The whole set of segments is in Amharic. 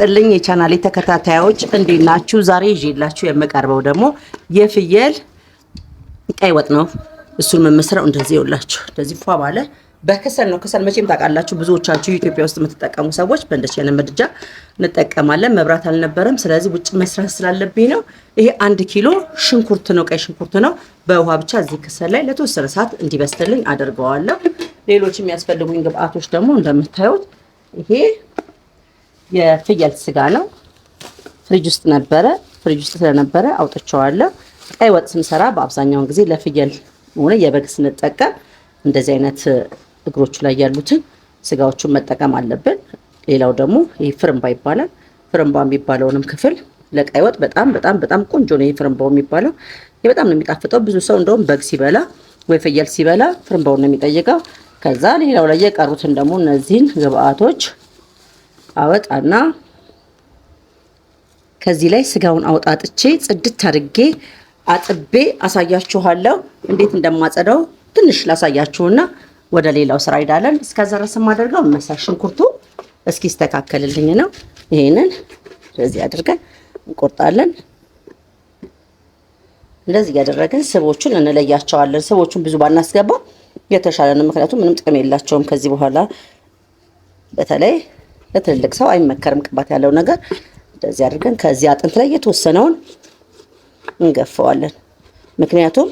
ጥልኝ የቻናሌ ተከታታዮች እንዴት ናችሁ? ዛሬ ይዤላችሁ የምቀርበው ደግሞ የፍየል ቀይ ወጥ ነው። እሱን መመስረው እንደዚህ ይውላችሁ፣ እንደዚህ ፏ ባለ በከሰል ነው። ከሰል መቼም ታውቃላችሁ፣ ብዙዎቻችሁ ኢትዮጵያ ውስጥ የምትጠቀሙ ሰዎች በእንደዚህ አይነት ምድጃ እንጠቀማለን። መብራት አልነበረም፣ ስለዚህ ውጭ መስራት ስላለብኝ ነው። ይሄ አንድ ኪሎ ሽንኩርት ነው፣ ቀይ ሽንኩርት ነው። በውሃ ብቻ እዚህ ከሰል ላይ ለተወሰነ ሰዓት እንዲበስልልኝ አደርገዋለሁ። ሌሎች የሚያስፈልጉኝ ግብአቶች ደግሞ እንደምታዩት ይሄ የፍየል ስጋ ነው። ፍሪጅ ውስጥ ነበረ። ፍሪጅ ውስጥ ስለነበረ አውጥቼዋለሁ። ቀይ ወጥ ስንሰራ በአብዛኛውን ጊዜ ለፍየል ሆነ የበግ ስንጠቀም እንደዚህ አይነት እግሮቹ ላይ ያሉትን ስጋዎቹን መጠቀም አለብን። ሌላው ደግሞ ይህ ፍርምባ ይባላል። ፍርምባ የሚባለውንም ክፍል ለቀይ ወጥ በጣም በጣም በጣም ቆንጆ ነው። ይህ ፍርምባው የሚባለው በጣም ነው የሚጣፍጠው። ብዙ ሰው እንደውም በግ ሲበላ ወይ ፍየል ሲበላ ፍርምባውን ነው የሚጠይቀው። ከዛ ሌላው ላይ የቀሩትን ደግሞ እነዚህን ግብአቶች አወጣና ከዚህ ላይ ስጋውን አውጣጥቼ ጽድት አድርጌ አጥቤ አሳያችኋለሁ። እንዴት እንደማጸዳው ትንሽ ላሳያችሁና ወደ ሌላው ስራ ሄዳለን። እስከዛ ድረስ የማደርገው መሳይ ሽንኩርቱ እስኪ ስተካከልልኝ ነው። ይሄንን እንደዚህ አድርገን እንቆርጣለን። እንደዚህ እያደረግን ስቦቹን እንለያቸዋለን። ስቦቹን ብዙ ባናስገባ የተሻለ ነው። ምክንያቱም ምንም ጥቅም የላቸውም ከዚህ በኋላ በተለይ ለትልልቅ ሰው አይመከርም ቅባት ያለው ነገር። እንደዚህ አድርገን ከዚህ አጥንት ላይ የተወሰነውን እንገፈዋለን። ምክንያቱም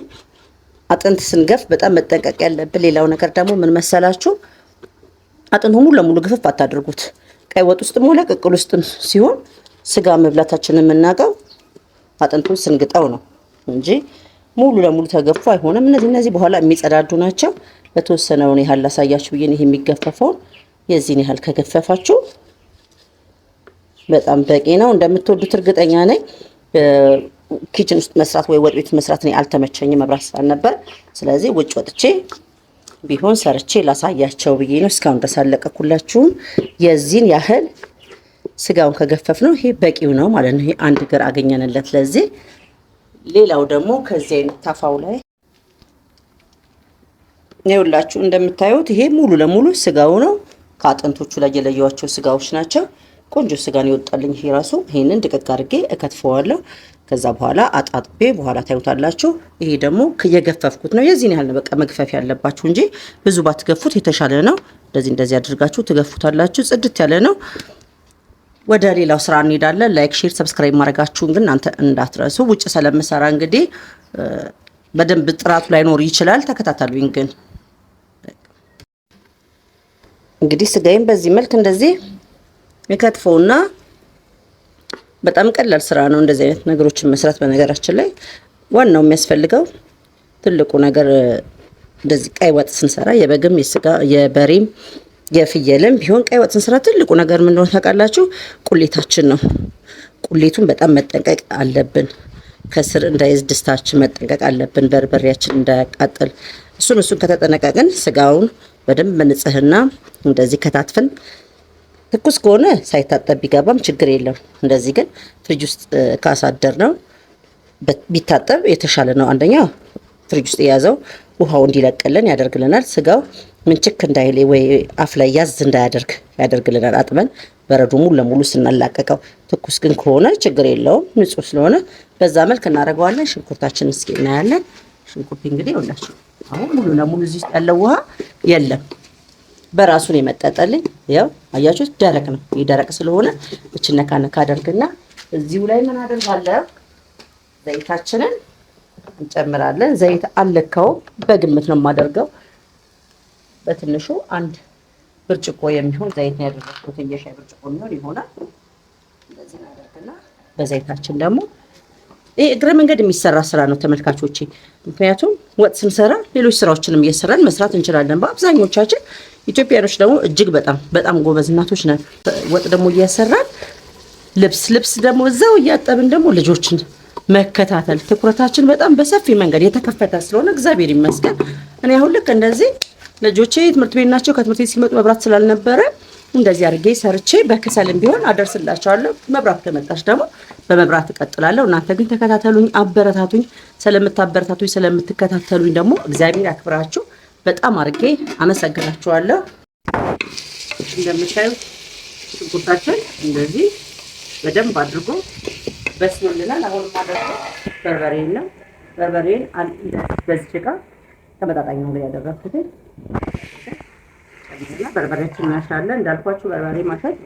አጥንት ስንገፍ በጣም መጠንቀቅ ያለብን ሌላው ነገር ደግሞ ምን መሰላችሁ፣ አጥንቱ ሙሉ ለሙሉ ግፍፍ አታድርጉት። ቀይ ወጥ ውስጥም ሆነ ቅቅል ውስጥም ሲሆን ስጋ መብላታችን የምናውቀው አጥንቱን ስንግጠው ነው እንጂ ሙሉ ለሙሉ ተገፉ አይሆንም። እነዚህ እነዚህ በኋላ የሚጸዳዱ ናቸው። ለተወሰነውን ያህል ላሳያችሁ ብዬ ይሄ የሚገፈፈውን የዚህን ያህል ከገፈፋችሁ በጣም በቂ ነው። እንደምትወዱት እርግጠኛ ነኝ። ኪችን ውስጥ መስራት ወይ ወጥ ቤት መስራት ነው አልተመቸኝም፣ መብራት ስላልነበር። ስለዚህ ውጭ ወጥቼ ቢሆን ሰርቼ ላሳያቸው ብዬ ነው እስካሁን ደሳለቀኩላችሁም የዚህን ያህል ስጋውን ከገፈፍ ነው ይሄ በቂው ነው ማለት ነው። ይሄ አንድ እግር አገኘንለት ለዚህ። ሌላው ደግሞ ከዚህ አይነት ተፋው ላይ ይኸውላችሁ እንደምታዩት ይሄ ሙሉ ለሙሉ ስጋው ነው። ከአጥንቶቹ ላይ የለየዋቸው ስጋዎች ናቸው። ቆንጆ ስጋን ይወጣልኝ። ይሄ ራሱ ይህንን ድቅቅ አድርጌ እከትፈዋለሁ። ከዛ በኋላ አጣጥቤ በኋላ ታዩታላችሁ። ይሄ ደግሞ የገፈፍኩት ነው። የዚህን ያህል በቃ መግፈፍ ያለባችሁ እንጂ ብዙ ባትገፉት የተሻለ ነው። እንደዚህ እንደዚህ አድርጋችሁ ትገፉታላችሁ። ጽድት ያለ ነው። ወደ ሌላው ስራ እንሄዳለን። ላይክ፣ ሼር፣ ሰብስክራይብ ማድረጋችሁን ግን እናንተ እንዳትረሱ። ውጭ ስለምሰራ እንግዲህ በደንብ ጥራቱ ላይኖር ይችላል። ተከታተሉኝ ግን እንግዲህ ስጋዬን በዚህ መልክ እንደዚህ ይከትፈውና በጣም ቀላል ስራ ነው እንደዚህ አይነት ነገሮችን መስራት። በነገራችን ላይ ዋናው የሚያስፈልገው ትልቁ ነገር እንደዚህ ቀይ ወጥ ስንሰራ የበግም የስጋ የበሬም የፍየልም ቢሆን ቀይ ወጥ ስንሰራ ትልቁ ነገር ምን እንደሆነ ታውቃላችሁ? ቁሌታችን ነው። ቁሌቱን በጣም መጠንቀቅ አለብን። ከስር እንዳይዝ ድስታችን መጠንቀቅ አለብን። በርበሬያችን እንዳያቃጥል እሱን እሱን ከተጠነቀቅን ስጋውን በደንብ በንጽህና እንደዚህ ከታትፈን ትኩስ ከሆነ ሳይታጠብ ቢገባም ችግር የለም። እንደዚህ ግን ፍሪጅ ውስጥ ካሳደር ነው ቢታጠብ የተሻለ ነው። አንደኛ ፍሪጅ ውስጥ የያዘው ውሃው እንዲለቅልን ያደርግልናል። ስጋው ምንችክ እንዳይል ወይ አፍ ላይ ያዝ እንዳያደርግ ያደርግልናል። አጥበን በረዶ ሙሉ ለሙሉ ስናላቀቀው። ትኩስ ግን ከሆነ ችግር የለውም፣ ንጹህ ስለሆነ በዛ መልክ እናደርገዋለን። ሽንኩርታችን እስኪ እናያለን። ሽንኩርት እንግዲህ ይኸውላችሁ አሁን ሙሉ ለሙሉ እዚህ ያለው ውሃ የለም። በራሱ ነው የመጠጠልኝ። ያው አያችሁት፣ ደረቅ ነው። ይህ ደረቅ ስለሆነ እች ነካ ነካ አደርግና እዚሁ ላይ ምን አደርጋለሁ? ዘይታችንን እንጨምራለን። ዘይት አልለካውም፣ በግምት ነው የማደርገው። በትንሹ አንድ ብርጭቆ የሚሆን ዘይት ነው ያደረግኩት። የሻይ ብርጭቆ የሚሆን ይሆናል። እንደዚህ አደርግና በዘይታችን ደግሞ ይሄ እግረ መንገድ የሚሰራ ስራ ነው ተመልካቾቼ። ምክንያቱም ወጥ ስንሰራ ሌሎች ስራዎችንም እየሰራን መስራት እንችላለን። በአብዛኞቻችን ኢትዮጵያኖች ደግሞ እጅግ በጣም በጣም ጎበዝ እናቶች ነን። ወጥ ደግሞ እየሰራን ልብስ ልብስ ደግሞ እዛው እያጠብን ደግሞ ልጆችን መከታተል ትኩረታችን በጣም በሰፊ መንገድ የተከፈተ ስለሆነ እግዚአብሔር ይመስገን። እኔ አሁን ልክ እንደዚህ ልጆቼ ትምህርት ቤት ናቸው። ከትምህርት ቤት ሲመጡ መብራት ስላልነበረ እንደዚህ አድርጌ ሰርቼ በክሰልም ቢሆን አደርስላቸዋለሁ። መብራት ከመጣች ደግሞ በመብራት እቀጥላለሁ። እናንተ ግን ተከታተሉኝ፣ አበረታቱኝ። ስለምታበረታቱኝ ስለምትከታተሉኝ ደግሞ እግዚአብሔር ያክብራችሁ። በጣም አድርጌ አመሰግናችኋለሁ። እንደምታዩት ሽንኩርታችን እንደዚህ በደንብ አድርጎ በስሎልናል። አሁን ማደርገ በርበሬን ነው። በርበሬን በዚህ ጭቃ ተመጣጣኝ ነው ያደረግኩትን እና በርበሬያችን እናሻለን። እንዳልኳችሁ በርበሬ ማሸት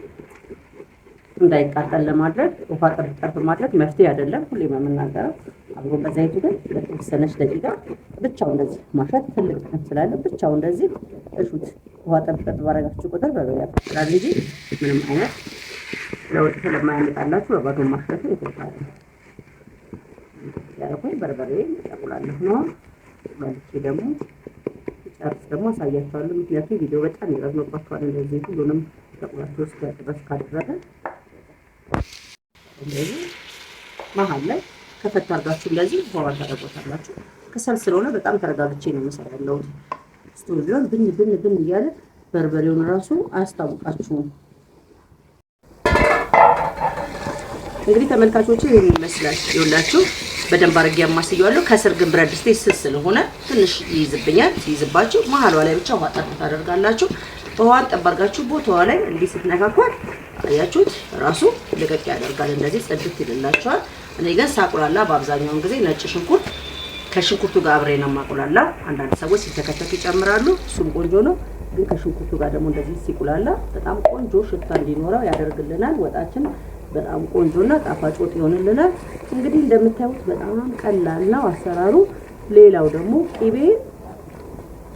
እንዳይቃጠል ለማድረግ ውሃ ጠብ ጠብ ማድረግ መፍትሄ አይደለም፣ ሁሌ የምናገረው አብሮ በዘይቱ ግን ለተወሰነች ደቂቃ ብቻው እንደዚህ ማሸት ትልቅ ጥቅም ስላለ ብቻው እንደዚህ እሹት። ውሃ ጠብ ጠብ ባረጋችሁ ቁጥር በበያ ስላል እንጂ ምንም አይነት ለውጥ ስለማያመጣላችሁ በባዶ ማሸቱ የተሻለ ያልኩኝ። በርበሬ ያቁላለሁ ነው መልቼ ደግሞ ስጨርስ ደግሞ አሳያቸዋለሁ። ምክንያቱም ቪዲዮ በጣም ይረዝምባቸዋል። እንደዚህ ሁሉንም ተቁላቱ እስከ ድረስ ካደረገ እንደዚህ መሀል ላይ ከፈት አድርጋችሁ እንደዚህ በኋላ ታደርጎታላችሁ። ከሰል ስለሆነ በጣም ተረጋግቼ ነው የምሰራ ያለሁት። ስቱም ቢሆን ብን ብን ብን እያለ በርበሬውን ራሱ አያስታውቃችሁም። እንግዲህ ተመልካቾች ይህን ይመስላል ይውላችሁ በደንብ አድርጌ ያማስየዋለሁ። ከስር ግን ብረት ድስቴ ስስ ስለሆነ ትንሽ ይይዝብኛል። ሲይዝባችሁ መሀሏ ላይ ብቻ ውሃ ጠብ ታደርጋላችሁ። ውሃን ጠብ አድርጋችሁ ቦታዋ ላይ እንዲህ ስትነካኳል አያችሁት፣ ራሱ ልቀቅ ያደርጋል። እንደዚህ ጽድት ይልላችኋል። እኔ ግን ሳቁላላ በአብዛኛውን ጊዜ ነጭ ሽንኩርት ከሽንኩርቱ ጋር አብሬ ነው ማቁላላው። አንዳንድ ሰዎች ሲተከተክ ይጨምራሉ፣ እሱም ቆንጆ ነው። ግን ከሽንኩርቱ ጋር ደግሞ እንደዚህ ሲቁላላ በጣም ቆንጆ ሽታ እንዲኖረው ያደርግልናል ወጣችን በጣም ቆንጆና ጣፋጭ ወጥ ይሆንልናል። እንግዲህ እንደምታዩት በጣም ቀላል ነው አሰራሩ። ሌላው ደግሞ ቂቤ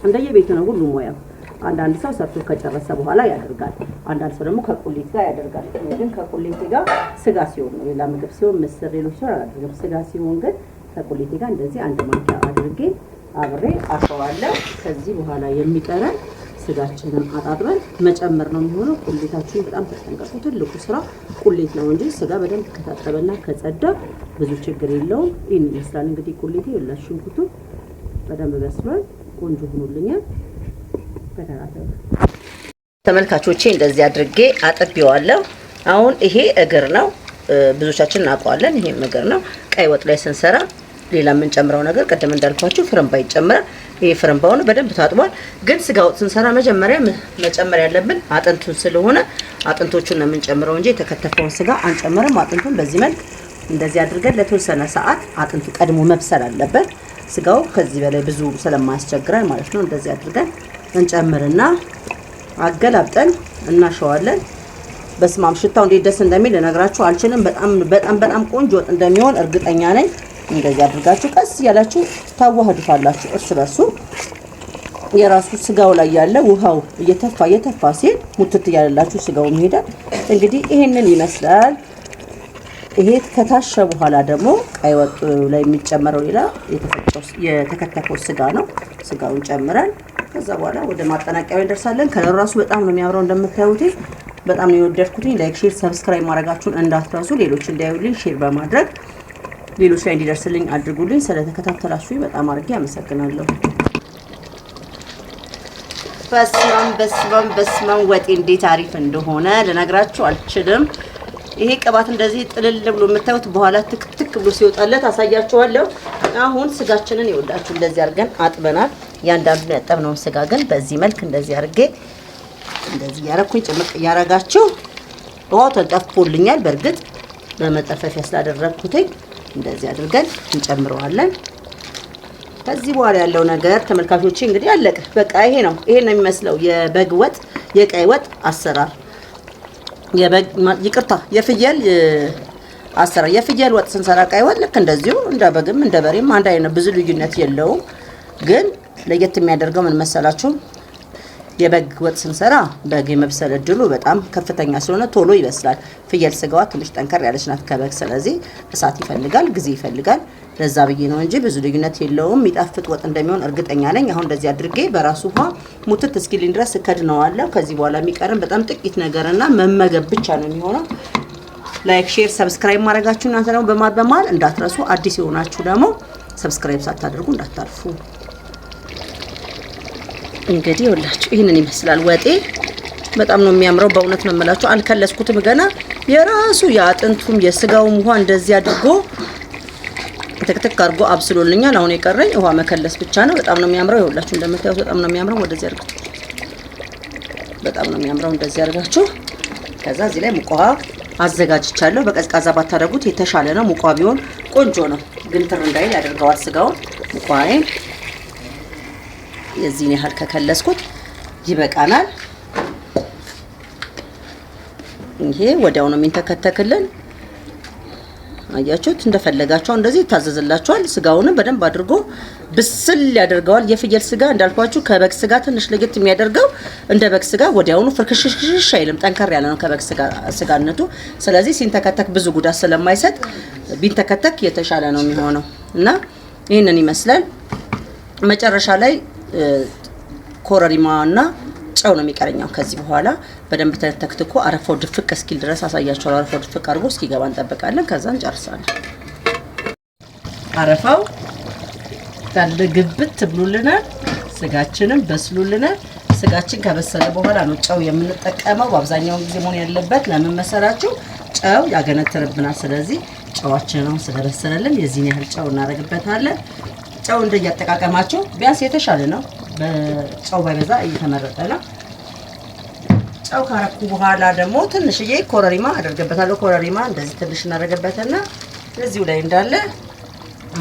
እንደየቤቱ ነው ሁሉም ሙያው። አንዳንድ ሰው ሰርቶ ከጨረሰ በኋላ ያደርጋል። አንዳንድ ሰው ደግሞ ከቁሌት ጋር ያደርጋል። ግን ከቁሌት ጋር ስጋ ሲሆን ነው። ሌላ ምግብ ሲሆን ምስር፣ ሌሎች ሲሆን አላደርግም። ስጋ ሲሆን ግን ከቁሌት ጋር እንደዚህ አንድ ማንኪያ አድርጌ አብሬ አሸዋለሁ። ከዚህ በኋላ የሚቀረን ስጋችንን አጣጥበን መጨመር ነው የሚሆነው። ቁሌታችን በጣም ተጠንቀቁ። ትልቁ ስራ ቁሌት ነው እንጂ ስጋ በደንብ ከታጠበና ከጸዳ ብዙ ችግር የለውም። ይህን ይመስላል እንግዲህ ቁሌቴ። የላሽ ሽንኩርቱ በደንብ በስሏል። ቆንጆ ሆኖልኛል። በተራተበ ተመልካቾቼ እንደዚህ አድርጌ አጥቤዋለሁ። አሁን ይሄ እግር ነው፣ ብዙዎቻችን እናውቀዋለን። ይሄም እግር ነው። ቀይ ወጥ ላይ ስንሰራ ሌላ የምንጨምረው ነገር ቅድም እንዳልኳችሁ ፍርምባ ይጨምራል። ኤፍሬም በሆነ በደንብ ታጥቧል። ግን ስጋው ስንሰራ መጀመሪያ መጨመር ያለብን አጥንቱን ስለሆነ አጥንቶቹን ነው የምንጨምረው እንጂ የተከተፈውን ስጋ አንጨምርም። አጥንቱን በዚህ መልክ እንደዚህ አድርገን ለተወሰነ ሰዓት አጥንቱ ቀድሞ መብሰል አለበት። ስጋው ከዚህ በላይ ብዙ ስለማያስቸግረን ማለት ነው። እንደዚህ አድርገን እንጨምርና አገላብጠን እናሸዋለን። በስማም ሽታው እንዴት ደስ እንደሚል ልነግራችሁ አልችልም። በጣም በጣም በጣም ቆንጆ ወጥ እንደሚሆን እርግጠኛ ነኝ። እንደዚህ አድርጋችሁ ቀስ እያላችሁ ታዋህዱታላችሁ። እርስ በርሱ የራሱ ስጋው ላይ ያለ ውሃው እየተፋ እየተፋ ሲል ሙትት እያለላችሁ ስጋው ይሄዳል። እንግዲህ ይሄንን ይመስላል። ይሄ ከታሸ በኋላ ደግሞ ቀይ ወጡ ላይ የሚጨመረው ሌላ የተከተፈው ስጋ ነው። ስጋውን ጨምረን ከዛ በኋላ ወደ ማጠናቀቂያ እንደርሳለን። ከለሩ ራሱ በጣም ነው የሚያምረው እንደምታዩት በጣም ነው የወደድኩትኝ። ላይክ፣ ሼር፣ ሰብስክራይብ ማድረጋችሁን እንዳትረሱ። ሌሎች እንዳይውልኝ ሼር በማድረግ ሌሎች ላይ እንዲደርስልኝ አድርጉልኝ። ስለተከታተላችሁ በጣም አድርጌ አመሰግናለሁ። በስማም በስማም በስማም ወጤ እንዴት አሪፍ እንደሆነ ልነግራችሁ አልችልም። ይሄ ቅባት እንደዚህ ጥልል ብሎ የምታዩት በኋላ ትክትክ ብሎ ሲወጣለት አሳያችኋለሁ። አሁን ስጋችንን ይወዳችሁ እንደዚህ አድርገን አጥበናል። ያንዳንዱ ያጠብነውን ስጋ ግን በዚህ መልክ እንደዚህ አድርጌ እንደዚህ እያረኩኝ ጭምቅ እያረጋችሁ ውሃው ተጠፍቶልኛል። በእርግጥ በመጠፈፊያ ስላደረግኩትኝ እንደዚህ አድርገን እንጨምረዋለን። ከዚህ በኋላ ያለው ነገር ተመልካቾቼ እንግዲህ አለቀ። በቃ ይሄ ነው። ይሄን ነው የሚመስለው የበግ ወጥ፣ የቀይ ወጥ አሰራር። የበግ ይቅርታ፣ የፍየል አሰራር። የፍየል ወጥ ስንሰራ ቀይ ወጥ ልክ እንደዚሁ እንደ በግም እንደ በሬም አንድ አይነት ብዙ ልዩነት የለውም። ግን ለየት የሚያደርገው ምን መሰላችሁ? የበግ ወጥ ስንሰራ በግ የመብሰል እድሉ በጣም ከፍተኛ ስለሆነ ቶሎ ይበስላል። ፍየል ስጋዋ ትንሽ ጠንከር ያለች ናት ከበግ። ስለዚህ እሳት ይፈልጋል፣ ጊዜ ይፈልጋል። ለዛ ብዬ ነው እንጂ ብዙ ልዩነት የለውም። የሚጣፍጥ ወጥ እንደሚሆን እርግጠኛ ነኝ። አሁን እንደዚህ አድርጌ በራሱ ውሃ ሙትት እስኪልኝ ድረስ እከድነዋለሁ። ከዚህ በኋላ የሚቀርም በጣም ጥቂት ነገርና መመገብ ብቻ ነው የሚሆነው። ላይክ፣ ሼር፣ ሰብስክራይብ ማድረጋችሁ እናንተ ደግሞ በማል በማል እንዳትረሱ። አዲስ የሆናችሁ ደግሞ ሰብስክራይብ ሳታደርጉ እንዳታልፉ። እንግዲህ ይኸውላችሁ ይህንን ይመስላል ወጤ። በጣም ነው የሚያምረው። በእውነት ነው የምላችሁ። አልከለስኩትም ገና የራሱ የአጥንቱም የስጋውም ውሃ እንደዚህ አድርጎ ትክትክ አድርጎ አብስሎልኛል። አሁን የቀረኝ ውሃ መከለስ ብቻ ነው። በጣም ነው የሚያምረው። ይኸውላችሁ እንደምታዩት በጣም ነው የሚያምረው። ወደዚህ አድርጋችሁ በጣም ነው የሚያምረው። እንደዚህ አድርጋችሁ ከዛ እዚህ ላይ ሙቅ አዘጋጅቻለሁ። በቀዝቃዛ ባታደርጉት የተሻለ ነው። ሙቅ ቢሆን ቆንጆ ነው፣ ግን ትር እንዳይል ያደርገዋል ስጋውን ሙቅ የዚህን ያህል ከከለስኩት ይበቃናል። ይሄ ወዲያው ነው የሚንተከተክልን። አያችሁት? እንደፈለጋቸው እንደዚህ ይታዘዝላችኋል። ስጋውንም በደንብ አድርጎ ብስል ያደርገዋል። የፍየል ስጋ እንዳልኳችሁ ከበግ ስጋ ትንሽ ለየት የሚያደርገው እንደ በግ ስጋ ወዲያውኑ ፍርክሽሽሽ አይልም። ጠንከር ያለ ነው ከበግ ስጋነቱ። ስለዚህ ሲንተከተክ ብዙ ጉዳት ስለማይሰጥ ቢንተከተክ የተሻለ ነው የሚሆነው እና ይህንን ይመስላል መጨረሻ ላይ ኮረሪማና ጨው ነው የሚቀረኛው። ከዚህ በኋላ በደንብ ተተክትኮ አረፋው ድፍቅ እስኪል ድረስ አሳያቸዋል። አረፋው ድፍቅ አድርጎ እስኪገባ እንጠብቃለን። ከዛ እንጨርሳለን። አረፋው ታለ ግብት ብሎልናል። ስጋችንም በስሉልናል። ስጋችን ከበሰለ በኋላ ነው ጨው የምንጠቀመው። በአብዛኛውን ጊዜ መሆን ያለበት ለምን መሰላችሁ? ጨው ያገነትርብናል። ስለዚህ ጨዋችንን ነው ስለበሰለልን የዚህን ያህል ጨው እናደርግበታለን። ጨው እንደያጠቃቀማችሁ ቢያንስ የተሻለ ነው። በጨው ባይበዛ እየተመረጠ ነው። ጨው ካረኩ በኋላ ደግሞ ትንሽዬ ኮረሪማ አደርገበታለሁ። ኮረሪማ እንደዚህ ትንሽ እናደርገበትና እዚሁ ላይ እንዳለ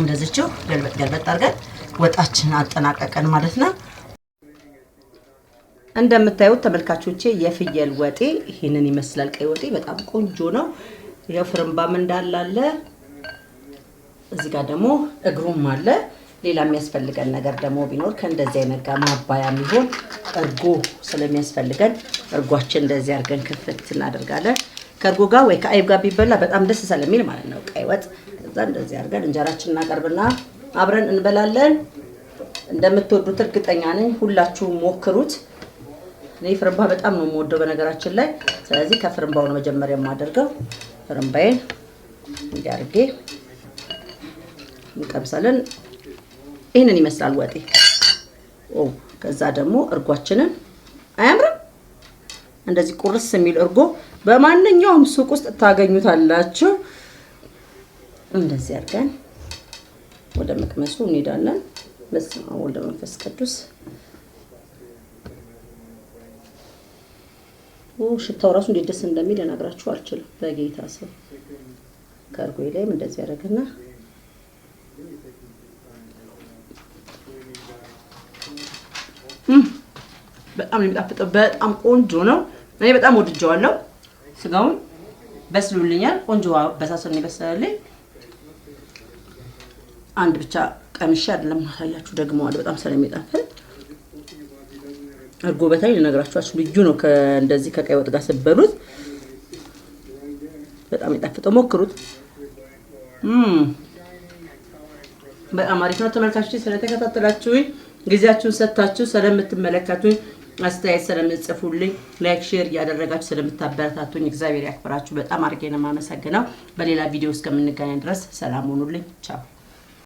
እንደዚችው ገልበጥ ገልበጥ አድርገን ወጣችን አጠናቀቀን ማለት ነው። እንደምታዩት ተመልካቾቼ የፍየል ወጤ ይህንን ይመስላል። ቀይ ወጤ በጣም ቆንጆ ነው። ያው እንዳላለ እዚህ ጋር ደግሞ እግሩም አለ። ሌላ የሚያስፈልገን ነገር ደግሞ ቢኖር ከእንደዚህ አይነት ጋር ማባያ የሚሆን እርጎ ስለሚያስፈልገን እርጓችን እንደዚህ አድርገን ክፍት እናደርጋለን። ከእርጎ ጋር ወይ ከአይብ ጋር ቢበላ በጣም ደስ ስለሚል ማለት ነው። ቀይ ወጥ ከዛ እንደዚህ አድርገን እንጀራችን እናቀርብና አብረን እንበላለን። እንደምትወዱት እርግጠኛ ነኝ። ሁላችሁም ሞክሩት። እኔ ፍርምባ በጣም ነው የምወደው በነገራችን ላይ። ስለዚህ ከፍርምባው ነው መጀመሪያ የማደርገው። ፍርምባዬን እንዲያርጌ እንቀምሳለን። ይህንን ይመስላል ወጤ። ከዛ ደግሞ እርጓችንን አያምርም? እንደዚህ ቁርስ የሚል እርጎ በማንኛውም ሱቅ ውስጥ ታገኙታላችሁ። እንደዚህ አድርገን ወደ መቅመሱ እንሄዳለን። በስመ አብ ወወልድ ወመንፈስ ቅዱስ። ሽታው ራሱ እንዴት ደስ እንደሚል ልነግራችሁ አልችልም። በጌታ ሰው ከእርጎ ላይም እንደዚህ ያደርግና በጣም ነው የሚጣፍጠው። በጣም ቆንጆ ነው። እኔ በጣም ወድጀዋለሁ። ስጋውን በስሉልኛል። ቆንጆ በሳሰን ይበስላልኝ። አንድ ብቻ ቀምሼ አይደለም ማሳያችሁ፣ ደግሞ አለ በጣም ስለሚጣፍጥ እርጎ በተለይ ልነግራችኋችሁ ልዩ ነው። እንደዚህ ከቀይ ወጥ ጋር ስበሉት በጣም የሚጣፍጠው ሞክሩት። በጣም አሪፍ ነው። ተመልካቾች ስለተከታተላችሁኝ ጊዜያችሁን ሰጥታችሁ ስለምትመለከቱኝ አስተያየት ስለምጽፉልኝ ላይክ፣ ሼር እያደረጋችሁ ስለምታበረታቱኝ እግዚአብሔር ያክብራችሁ። በጣም አድርጌ ነው የማመሰግነው። በሌላ ቪዲዮ እስከምንገናኝ ድረስ ሰላም ሆኑልኝ። ቻው